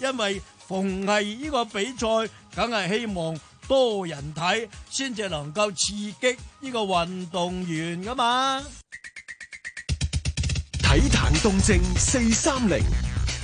因為逢係呢個比賽，梗係希望多人睇，先至能夠刺激呢個運動員噶嘛。體壇動靜四三零，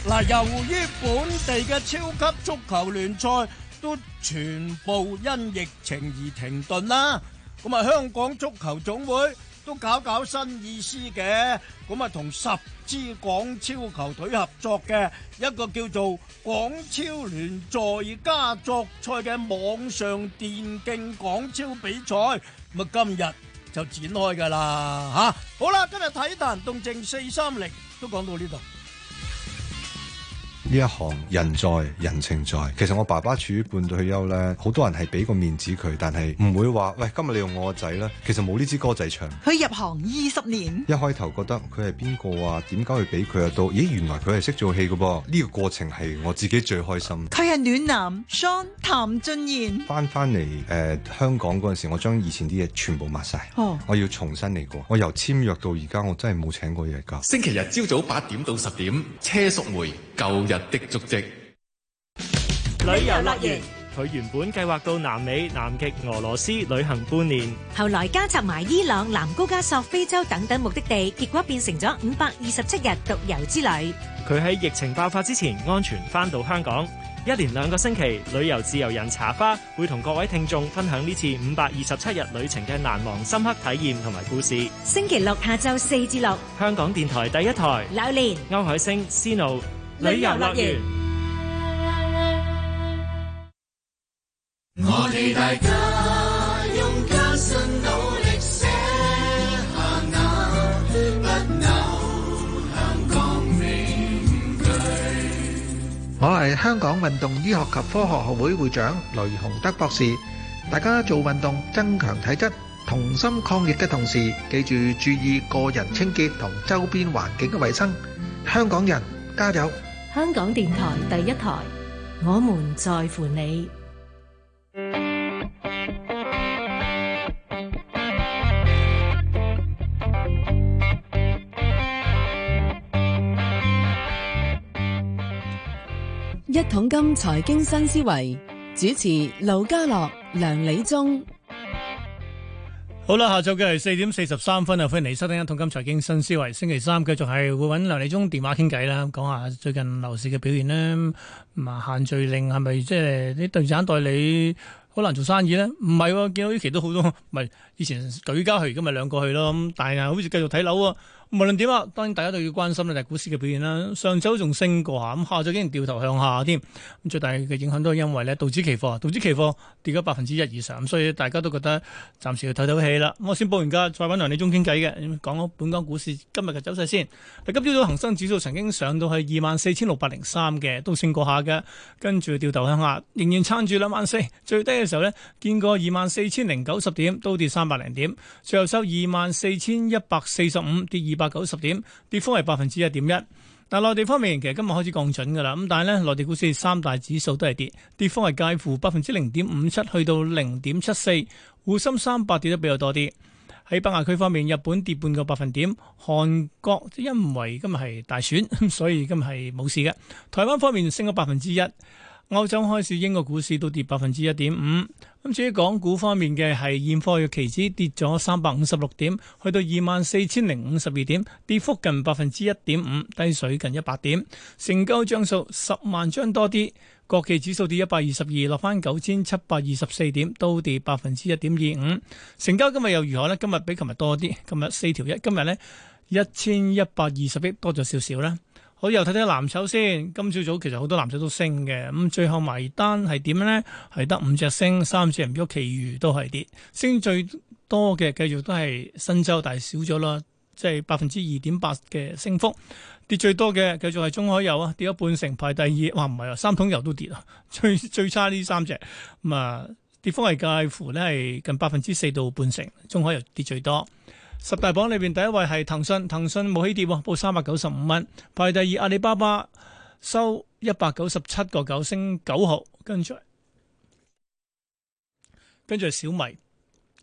嗱，由於本地嘅超級足球聯賽都全部因疫情而停頓啦，咁啊，香港足球總會。都搞搞新意思嘅，咁啊同十支港超球隊合作嘅一個叫做港超聯在家作賽嘅網上電競港超比賽，咁啊今日就展開㗎啦嚇！好啦，今日體壇動靜四三零都講到呢度。呢一行，人在人情在，其實我爸爸處於半退休呢，好多人係俾個面子佢，但係唔會話喂今日你用我個仔呢，其實冇呢支歌仔唱，佢入行二十年，一開頭覺得佢係邊個啊？點解會俾佢啊？都，咦，原來佢係識做戲噶噃、啊。呢個過程係我自己最開心。佢係暖男，Sean，譚俊彥。翻翻嚟誒香港嗰陣時，我將以前啲嘢全部抹晒。哦，我要重新嚟過。我由簽約到而家，我真係冇請過人㗎。星期日朝早八點到十點，車淑梅。舊日的足跡。旅遊樂園，佢原本計劃到南美、南極、俄羅斯旅行半年，後來加插埋伊朗、南高加索、非洲等等目的地，結果變成咗五百二十七日獨遊之旅。佢喺疫情爆發之前，安全返到香港。一連兩個星期，旅遊自由人茶花會同各位聽眾分享呢次五百二十七日旅程嘅難忘深刻體驗同埋故事。星期六下晝四至六，香港電台第一台。劉連歐海星 Snow。旅遊樂園，我哋大家用加薪努力，寫下那不朽香港面具。我係香港運動醫學及科學學會會長雷洪德博士。大家做運動增強體質，同心抗疫嘅同時，記住注意個人清潔同周邊環境嘅衛生。香港人。加油！香港電台第一台，我們在乎你。一桶金財經新思維，主持盧家樂、梁理中。好啦，下晝嘅，係四點四十三分啊，歡迎嚟收聽《同金財經新思維》，星期三繼續係會揾梁理中電話傾偈啦，講下最近樓市嘅表現啦。咁啊，限聚令係咪即係啲地產代理好難做生意咧？唔係，啊，見到呢期都好多，唔係以前舉家去，而家咪兩個去咯。咁但係好似繼續睇樓啊。無論點啊，當然大家都要關心咧，係股市嘅表現啦。上周仲升過下，咁下周竟然掉頭向下添。咁最大嘅影響都係因為呢道指期貨，道指期貨跌咗百分之一以上，所以大家都覺得暫時要唞唞氣啦。我先報完價，再搵梁理中傾偈嘅，講下本港股市今日嘅走勢先。但今朝早恒生指數曾經上到去二萬四千六百零三嘅，都升過下嘅，跟住掉頭向下，仍然撐住兩萬四，最低嘅時候呢，見過二萬四千零九十點，都跌三百零點，最後收二萬四千一百四十五，跌二。八九十點，跌幅係百分之一點一。但係內地方面，其實今日開始降準㗎喇。咁但係咧，內地股市三大指數都係跌，跌幅係介乎百分之零點五七去到零點七四。滬深三百跌得比較多啲。喺北亞區方面，日本跌半個百分點，韓國因為今日係大選，所以今日係冇事嘅。台灣方面升咗百分之一。歐洲開始，英國股市都跌百分之一點五。咁至於港股方面嘅係，現貨嘅期指跌咗三百五十六點，去到二萬四千零五十二點，跌幅近百分之一點五，低水近一百點。成交張數十萬張多啲。國企指數跌一百二十二，落翻九千七百二十四點，都跌百分之一點二五。成交今日又如何呢？今日比琴日多啲，今日四條一，今日呢一千一百二十億多咗少少啦。好，又睇睇藍籌先。今朝早，早其實好多藍籌都升嘅，咁、嗯、最後埋單係點樣咧？係得五隻升，三隻唔喐，其餘都係跌。升最多嘅繼續都係新洲，但係少咗啦，即係百分之二點八嘅升幅。跌最多嘅繼續係中海油啊，跌咗半成，排第二。哇，唔係啊，三桶油都跌啊，最最差呢三隻咁啊，跌幅係介乎咧係近百分之四到半成，中海油跌最多。十大榜裏面第一位係騰訊，騰訊冇起跌喎，報三百九十五蚊。排第二阿里巴巴，收一百九十七個九，升九毫。跟住，跟住小米。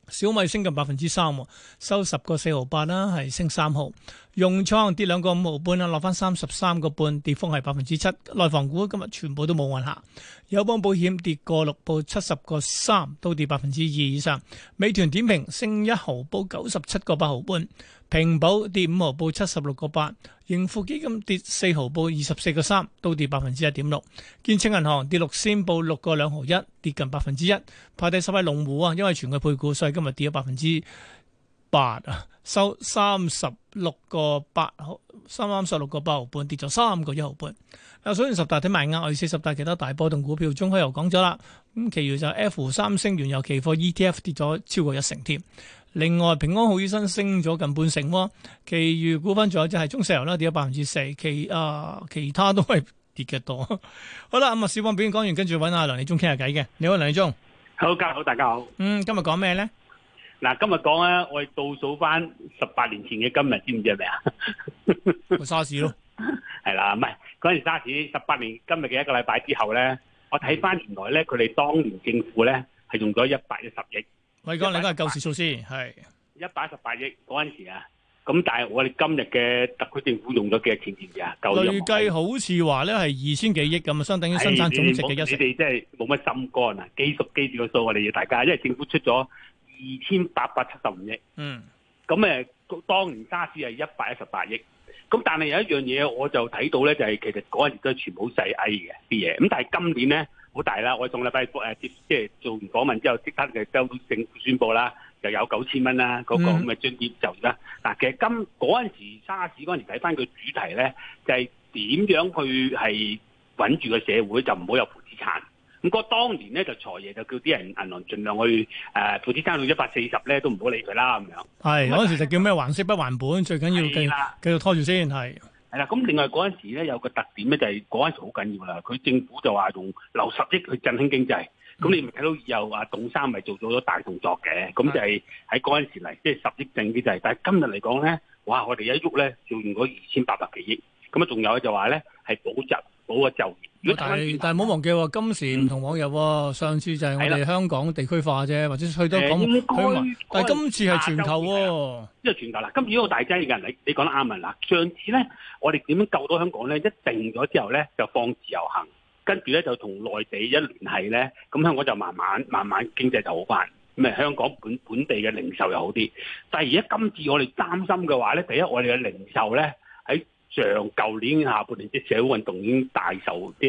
小米升近百分之三，收十個四毫八啦，係升三毫。融創跌兩個五毫半啦，落翻三十三個半，跌幅係百分之七。內房股今日全部都冇運下，友邦保險跌過六，報七十個三，都跌百分之二以上。美團點評升一毫升，報九十七個八毫半。平保跌五毫，報七十六個八；盈富基金跌四毫，報二十四個三，都跌百分之一點六。建設銀行跌六仙，報六個兩毫一，跌近百分之一。排第十位龍虎啊，因為全個配股，所以今日跌咗百分之八啊，收三十六個八毫，三十六個八毫半，跌咗三個一毫半。有所以十大睇埋啱，我哋四大其他大波動股票，中海又講咗啦，咁其餘就 F 三星原油期貨 ETF 跌咗超過一成添。另外平安好醫生升咗近半成喎，其餘股份仲有就係中石油啦，跌咗百分之四，其啊、呃、其他都係跌嘅多。呵呵好啦，咁啊小方表演講完，跟住揾阿梁理中傾下偈嘅。你好，梁理中。好，家好，大家好。嗯，今日講咩咧？嗱，今日講咧，我哋倒數翻十八年前嘅今日，知唔知係咩啊？ 沙士咯，係 啦，唔係嗰陣時沙士十八年今日嘅一個禮拜之後咧，我睇翻原來咧，佢哋當年政府咧係用咗一百一十億。偉哥，你都係舊時措施，係一百一十八億嗰陣時啊，咁但係我哋今日嘅特區政府用咗幾多錢先至啊？累計好似話咧係二千幾億咁啊，相當於生產總值嘅一。你哋即係冇乜心肝啊！基熟基住個數我哋要大家，因為政府出咗二千八百七十五億，嗯，咁誒，當年沙士係一百一十八億，咁但係有一樣嘢，我就睇到咧，就係、是、其實嗰陣時都係全部細埃嘅啲嘢，咁但係今年咧。好大啦！我上禮拜誒即係做完訪問之後，即刻就收到政府宣佈啦，就有九千蚊啦，嗰、那個咁嘅津貼就啦。嗱、嗯那個，其實今嗰陣時沙士嗰陣時睇返個主題咧，就係、是、點樣去係穩住個社會，就唔好有負資產。咁、那個當年咧就財爺就叫啲人銀行盡量去誒、呃、負資產到一百四十咧，都唔好理佢啦咁樣。係嗰陣時就叫咩還息不還本，最緊要記啦。繼續拖住先係。係啦，咁另外嗰陣時咧有個特點咧就係嗰陣時好緊要啦，佢政府就話用留十億去振興經濟，咁你咪睇到又話董生咪做咗咗大動作嘅，咁就係喺嗰陣時嚟即係十億振經濟，但係今日嚟講咧，哇！我哋一喐咧就用咗二千八百幾億，咁啊仲有就話咧係補習。好個就業，但係但係冇忘記喎，今時唔同往日喎。上次就係我哋香港地區化啫、嗯，或者都去到香港，但係今次係全球、啊，因為全球嗱。今次一個大劑嘅人，你你講得啱啊嗱。上次咧，我哋點樣救到香港咧？一定咗之後咧，就放自由行，呢跟住咧就同內地一聯繫咧，咁香港就慢慢慢慢經濟就好翻，咁啊香港本本地嘅零售又好啲。但係而家今次我哋擔心嘅話咧，第一我哋嘅零售咧喺。上舊年下半年啲社會運動已經大受即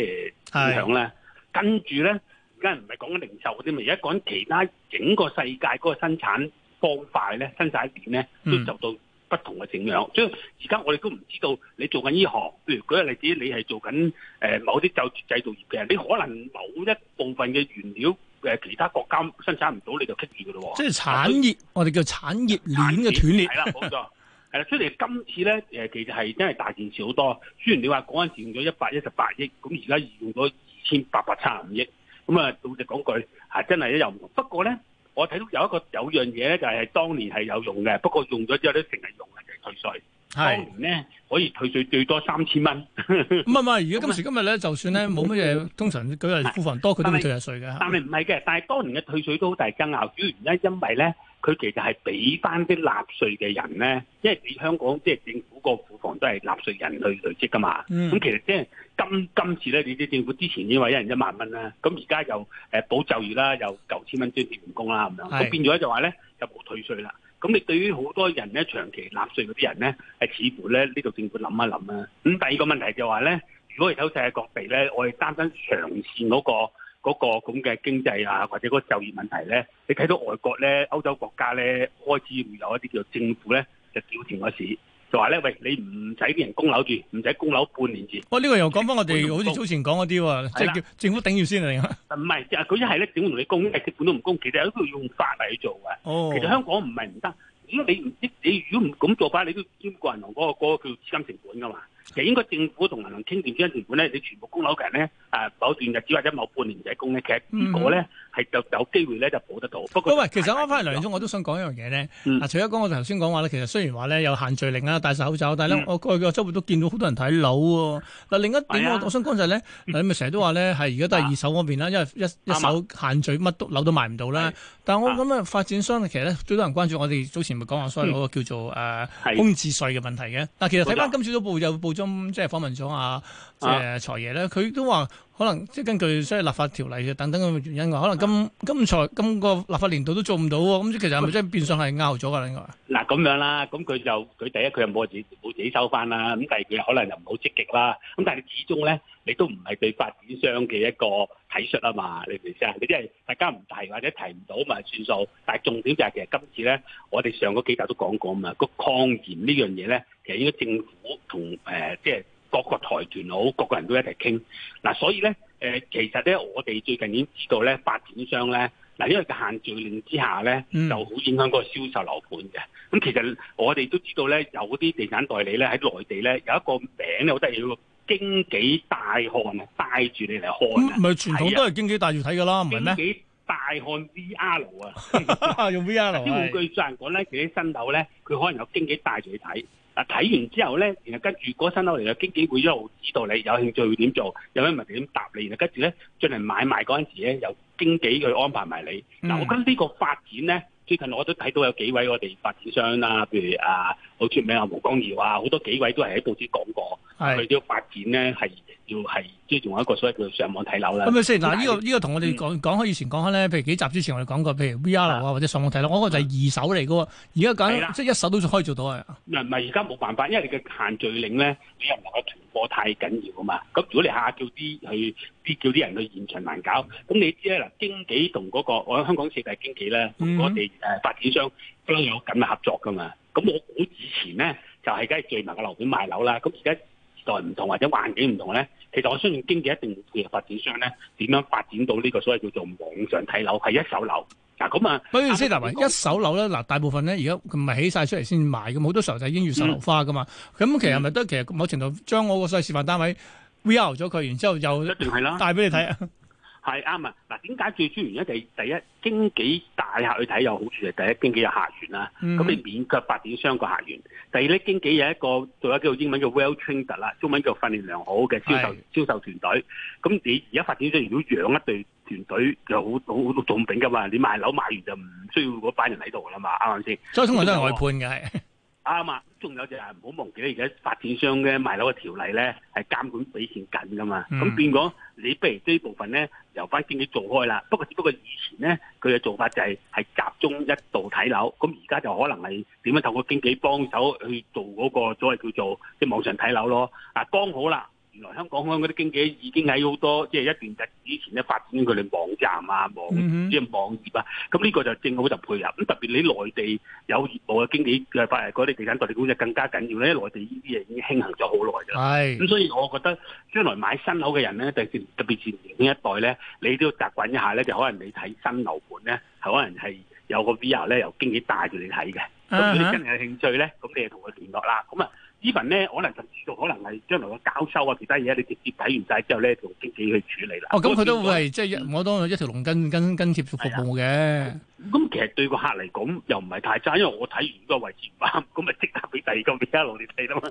係影響咧，跟住咧而家唔係講緊零售啲咪，而家講其他整個世界嗰個生產方塊咧生產點咧，都受到不同嘅影響。所以而家我哋都唔知道你做緊呢行，譬如舉個例子，你係做緊誒某啲就製造業嘅，你可能某一部分嘅原料誒其他國家生產唔到，你就棘住㗎喇喎。即係產業，我哋叫產業鏈嘅斷裂。係啦，冇錯。 誒出嚟今次咧誒其實係真係大件事好多。雖然你話嗰陣時用咗一百一十八億，咁而家用咗二千八百七十五億。咁、嗯、啊，老實講句，真係有唔同。不過咧，我睇到有一個有一樣嘢咧，就係當年係有用嘅，不過用咗之後咧，成日用嘅就係、是、退稅。係。當年咧可以退稅最多三千蚊。唔係唔係，而、嗯、家今時今日咧，就算咧冇乜嘢， 通常舉例庫房多，佢都唔退下稅嘅。但係唔係嘅，但係當年嘅退稅都好大爭拗。主要原因因為咧。佢其實係俾翻啲納稅嘅人咧，因為你香港即係、就是、政府個庫房都係納稅人去累積㗎嘛。咁、嗯、其實即係今今次咧，你啲政府之前已經話一人一萬蚊啦，咁而家又誒、呃、保就業啦，又九千蚊支持員工啦，咁樣，咁變咗就話咧就冇退稅啦。咁你對於好多人咧長期納稅嗰啲人咧，係似乎咧呢度、這個、政府諗一諗啦、啊。咁第二個問題就話咧，如果係世界各地咧，我哋擔心長線嗰個。嗰個咁嘅經濟啊，或者嗰個就業問題咧，你睇到外國咧，歐洲國家咧開始會有一啲叫做政府咧就調停個市，就話咧喂，你唔使畀人供樓住，唔使供樓半年住。哦，喂，呢個又講翻我哋好似早前講嗰啲喎，即係叫政府頂住先嚟。唔係，佢一係咧點會同你供，但係根本都唔供，其實有啲都要用法例去做嘅。哦，其實香港唔係唔得，如果你唔知你如果唔咁做法，你都兼顧銀行嗰個嗰個叫做資金成本噶嘛。其實應該政府同銀行傾掂之間條款咧，你全部供樓嘅人咧，誒、呃、某段日子或者某半年仔供咧，其實呢咧係、嗯、就有機會咧就補得到。不過喂，其實講翻梁理中，我都想講一樣嘢咧。嗱、嗯，除咗講我頭先講話咧，其實雖然話咧有限聚令啦，戴晒口罩，但咧我個個周末都見到好多人睇樓喎。嗱，另一點、嗯、我想講就係、是、咧，咁咪成日都話咧，係而家都係二手嗰邊啦，因為一一,一手限聚乜都、嗯、樓都賣唔到啦、嗯。但係我咁樣發展商其實咧最多人關注，我哋早前咪講話所謂嗰個叫做誒、呃嗯、空置稅嘅問題嘅。但其實睇翻今次都報有報。即係訪問咗啊，財爺咧，佢都話可能即係根據所謂立法條例等等嘅原因，可能今今財今個立法年度都做唔到。咁其實係咪真係變相係拗咗㗎應該？咁樣啦，咁佢就佢第一佢又冇自己冇自己收翻啦，咁第二佢可能又唔好積極啦，咁但係始終咧，你都唔係對發展商嘅一個體恤啊嘛，你明唔明先啊？你即係大家唔提或者提唔到咪算數，但係重點就係其實今次咧，我哋上嗰幾集都講過啊嘛，個抗疫呢樣嘢咧，其實應該政府同呃即係各個財團好，各個人都一齊傾嗱，所以咧、呃、其實咧我哋最近已經知道咧發展商咧。嗱，因為嘅限聚令之下咧，就好影響個個銷售樓盤嘅。咁、嗯、其實我哋都知道咧，有啲地產代理咧喺內地咧有一個名咧好得意，叫經紀帶看啊，帶住你嚟看。唔係傳統都係經紀帶住睇噶啦，唔係咩？經紀帶看 V R 啊，嗯、VR, 用 V R 啲玩具。有人講咧，其實啲新樓咧，佢可能有經紀帶住去睇。嗱，睇完之後咧，然後跟住新樓嚟嘅經紀會一路指導你，有興趣會點做，有咩問題點答你，然後跟住咧進嚟買賣嗰陣時咧，由經紀去安排埋你。嗱、嗯，跟呢個發展咧，最近我都睇到有幾位我哋發展商啦、啊，譬如啊好出名啊胡光耀啊，好多幾位都係喺報紙講過，佢啲發展咧係。要係即係仲有一個所謂叫上網睇樓啦。咁啊先嗱，呢、這個呢個同我哋講講開以前講開咧，譬如幾集之前我哋講過，譬如 VR 樓啊，或者上網睇樓，我嗰個就係二手嚟噶喎。而家講即係一手都可以做到啊。嗱唔係而家冇辦法，因為你嘅限聚令咧，你又唔能夠囤貨太緊要啊嘛。咁如果你下叫啲去啲叫啲人去現場攔搞，咁、嗯、你知咧嗱，經紀同嗰個我喺香港四大經紀咧，同我哋誒發展商不嬲有緊密合作噶嘛。咁我估以前咧就係梗係聚埋嘅樓盤賣樓啦。咁而家。代唔同或者環境唔同咧，其實我相信經紀一定會配合發展商咧，點樣發展到呢個所謂叫做網上睇樓係一手樓嗱咁啊，啊？不如先嗱，一手樓咧嗱，大部分咧而家唔係起晒出嚟先賣嘅，好多時候就已經預售樓花噶嘛。咁、嗯、其實係咪都其實某程度將我個所謂示範單位 VR 咗佢，然之後又帶一帶俾你睇啊？ 係啱啊！嗱，點解最主要原因就係第一經紀大客去睇有好處嘅，第一經紀有客源啦，咁、mm -hmm. 你免卻發展商個客源。第二，呢經紀有一個做一做英文叫 well trained 啦，中文叫訓練良好嘅銷售銷售,銷售團隊。咁你而家發展商如果養一隊團隊就好好重頂噶嘛，你賣樓賣完就唔需要嗰班人喺度啦嘛，啱唔啱先？所以通常都係外判嘅。 啱啊！仲有就係唔好忘記咧，而家發展商嘅賣樓嘅條例咧係監管比以前緊噶嘛。咁變講，你不如呢部分咧由翻經紀做開啦。不過只不過以前咧佢嘅做法就係係集中一度睇樓，咁而家就可能係點樣透過經紀幫手去做嗰個所謂叫做即係網上睇樓咯。啊，剛好啦。原來香港嗰啲經紀已經喺好多，即係一段日以前咧發展佢哋網站啊、嗯、網即係網頁啊。咁呢個就正好就配合。咁特別你內地有業務嘅經紀嘅，例如嗰啲地產代理公司更加緊要咧。內地呢啲嘢已經興行咗好耐㗎啦。係咁，所以我覺得將來買新樓嘅人咧，特別特別是年輕一代咧，你都要習慣一下咧，就可能你睇新樓盤咧，係可能係有個 VR 咧，由經紀帶住你睇嘅。咁、啊、你真係有興趣咧，咁你就同佢聯絡啦。咁啊呢份 e 咧可能就。就可能係將來嘅交收啊，其他嘢你直接睇完晒之後咧，就自己去處理啦。哦，咁佢、嗯、都係即係我都一條龍跟跟跟貼服服務嘅。咁、嗯、其實對個客嚟講又唔係太差，因為我睇完個位置唔啱，咁咪即刻俾第二個俾阿老你睇啦嘛，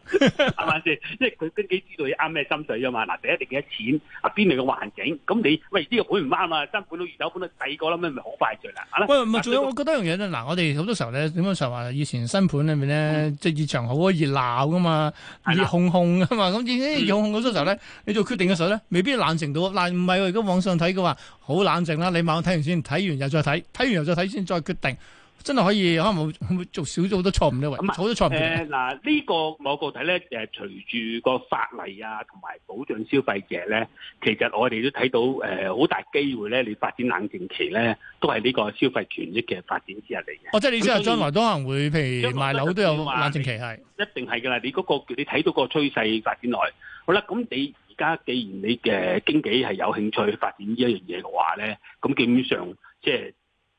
係咪先？因為佢都幾知道你啱咩心水啊嘛。嗱，第一定幾多錢，啊邊面嘅環境，咁你喂呢個盤唔啱啊，新盤到二手盤都第二啦，咁咪好快聚啦。喂，唔係仲有，我覺得一樣嘢咧，嗱、嗯，我哋好多時候咧，點樣就話以前新盤裏面呢？即、嗯、係熱場好熱鬧噶嘛，熱烘烘噶嘛，咁已經熱烘烘嗰時候呢，你做決定嘅時候呢，未必冷靜到。嗱，唔係喎，如果網上睇嘅話，好冷靜啦。你慢睇完先，睇完又再睇，睇完又再睇。你先再決定，真係可以可能會，會做少咗好多錯誤咧。咁好多錯誤。誒、呃、嗱，呃這個、某個呢個我個睇咧誒，隨住個法例啊，同埋保障消費者咧，其實我哋都睇到誒好、呃、大機會咧。你發展冷靜期咧，都係呢個消費權益嘅發展之內嚟嘅。哦，即係你即係將來都可能會譬如賣樓都有冷靜期，係一定係㗎喇。你嗰、那個叫你睇到個趨勢發展內。好啦，咁你而家既然你嘅經紀係有興趣發展呢一樣嘢嘅話咧，咁基本上即係。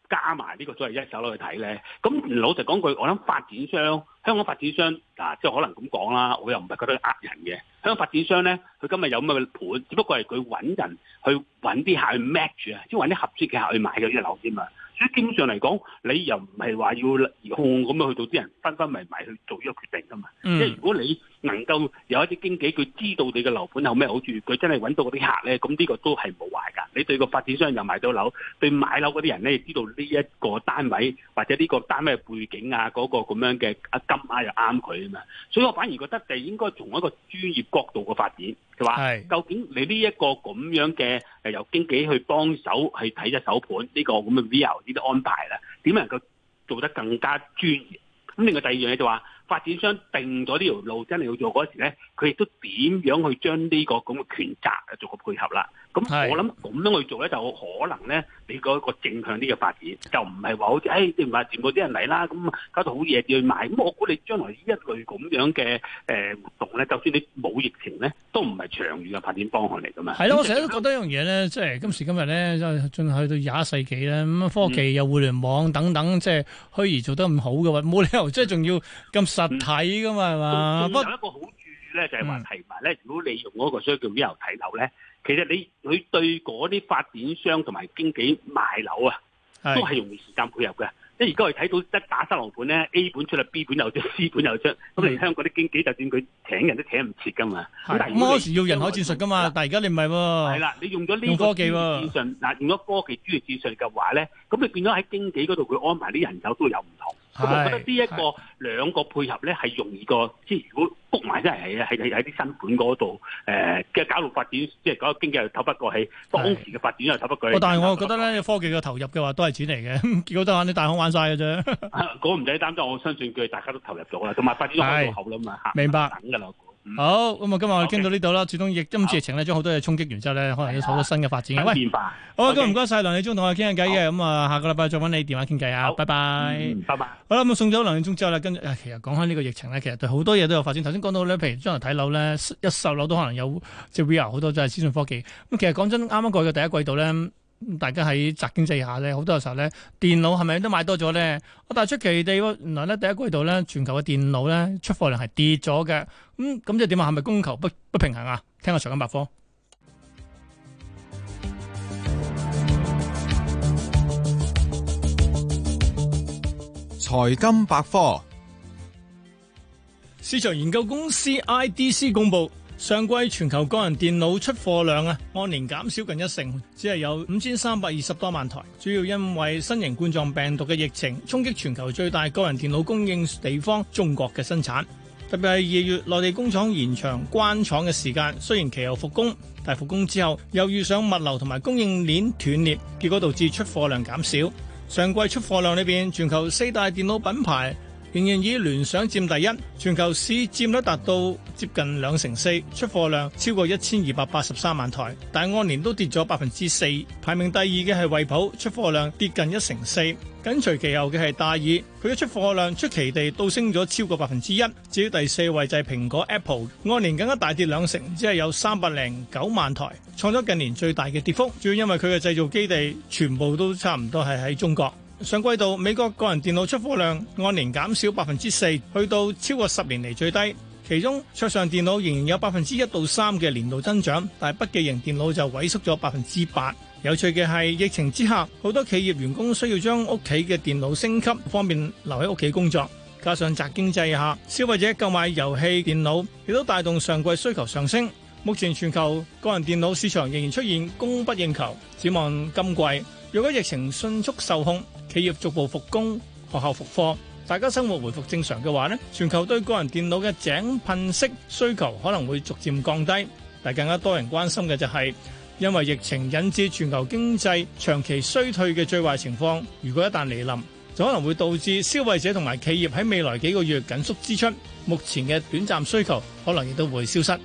加埋呢個都係一手攞去睇咧，咁老實講句，我諗發展商香港發展商嗱，即可能咁講啦，我又唔係覺得呃人嘅，香港發展商咧，佢今日有咁嘅盤，只不過係佢揾人去揾啲客去 match 啊，即係揾啲合適嘅客去買呢啲樓先嘛。所以基本上嚟講，你又唔係話要控咁樣去到啲人分分咪咪去做呢個決定噶嘛，嗯？即係如果你能夠有一啲經紀，佢知道你嘅樓盤有咩好處，佢真係揾到嗰啲客咧，咁，這，呢個都係冇壞噶。你對個發展商又買到樓，對買樓嗰啲人咧，知道呢一個單位或者呢個單位嘅背景啊，嗰，那個咁樣嘅啊金額又啱佢啊嘛。所以我反而覺得就應該從一個專業角度嘅發展。就話、係，究竟你呢一個咁樣嘅誒，由經紀去幫手去睇一手盤呢個咁嘅 VR 呢啲安排啦，點能夠做得更加專業？咁另外第二樣嘢就話、是。發展商定咗呢條路真係要做嗰時咧，佢亦都點樣去將呢個咁嘅權責做個配合啦？咁我諗咁樣去做咧，就可能咧，你嗰個正向啲嘅發展，就唔係話好似誒你話全部啲人嚟啦，咁搞到好熱要賣。咁我估你將來呢一類咁樣嘅誒活動咧，就算你冇疫情咧，都唔係長遠嘅發展方向嚟㗎嘛。係咯，我成日都覺得一樣嘢咧，即係今時今日咧，進去到廿一世紀咧，咁科技又互、嗯、聯網等等，即係虛擬做得咁好嘅話，冇理由即係仲要咁。實體噶嘛，仲、嗯、有一個好注意咧，就係話提埋咧。如果你用嗰個商叫媒體睇樓咧，其實你佢對嗰啲發展商同埋經紀賣樓啊，都係用時間配合嘅。即係而家我睇到即打新樓盤咧，A 本出嚟 b 本又出，C 本又出，咁你香港啲經紀，就算佢請人都請唔切噶嘛。咁當時要人海戰術噶嘛，但係而家你唔係喎。係啦，你用咗呢個科技資訊，嗱用咗科技專業資訊嘅話咧，咁你變咗喺經紀嗰度，佢安排啲人手都有唔同。咁我覺得呢一個兩個配合咧，係容易過，即係如果谷埋真係喺喺啲新盤嗰度，誒、呃、嘅搞到發展即係嗰個經濟又透不過氣，當時嘅發展又透不過氣。但係我覺得咧，科技嘅投入嘅話都係錢嚟嘅，結果都玩啲大空玩晒嘅啫。嗰個唔使擔心，我相信佢大家都投入咗啦，同埋發展都好到口啦嘛。明白。走不走不走嗯、好，咁啊，今日我傾到呢度啦。始終疫疫情咧，將好多嘢衝擊完之後咧，可能有好多新嘅發展嘅、啊。喂，好啊，咁唔該晒梁理中同我傾下偈嘅，咁啊、嗯，下個禮拜再揾你電話傾偈啊，拜拜、嗯，拜拜。好啦，咁送走梁理中之後呢，跟住、啊、其實講開呢個疫情咧，其實對好多嘢都有發展。頭先講到咧，譬如將來睇樓咧，一售樓都可能有即係 VR 好多，就係、是、資訊科技。咁其實講真，啱啱過去嘅第一季度咧。大家喺宅經濟下咧，好多時候咧，電腦係咪都買多咗咧？我但係出奇地，原來咧第一季度咧，全球嘅電腦咧出貨量係跌咗嘅。咁咁即係點啊？係咪供求不不平衡啊？聽下財金百科。財金百科，市場研究公司 IDC 公布。上季全球個人電腦出貨量啊，按年減少近一成，只係有五千三百二十多萬台。主要因為新型冠狀病毒嘅疫情，衝擊全球最大個人電腦供應地方中國嘅生產。特別係二月，內地工廠延長關廠嘅時間，雖然其後復工，但復工之後又遇上物流同埋供應鏈斷裂，結果導致出貨量減少。上季出貨量裏面，全球四大電腦品牌，仍然以聯想佔第一，全球市佔率達到接近兩成四，出貨量超過一千二百八十三萬台，但按年都跌咗百分之四。排名第二嘅係惠普，出貨量跌近一成四，緊隨其後嘅係戴爾，佢嘅出貨量出奇地倒升咗超過百分之一。至於第四位就係蘋果 Apple，按年更加大跌兩成，只係有三百零九萬台，創咗近年最大嘅跌幅。主要因為佢嘅製造基地全部都差唔多係喺中國。上季度美國個人電腦出貨量按年減少百分之四，去到超過十年嚟最低。其中桌上電腦仍然有百分之一到三嘅年度增長，但係筆記型電腦就萎縮咗百分之八。有趣嘅係疫情之下，好多企業員工需要將屋企嘅電腦升級，方便留喺屋企工作。加上宅經濟下，消費者購買遊戲電腦亦都帶動上季需求上升。目前全球個人電腦市場仍然出現供不應求，展望今季若果疫情迅速受控。企業逐步復工，學校復課，大家生活回復正常嘅話呢，全球對個人電腦嘅井噴式需求可能會逐漸降低。但係更加多人關心嘅就係，因為疫情引致全球經濟長期衰退嘅最壞情況，如果一旦嚟臨，就可能會導致消費者同埋企業喺未來幾個月緊縮支出，目前嘅短暫需求可能亦都會消失。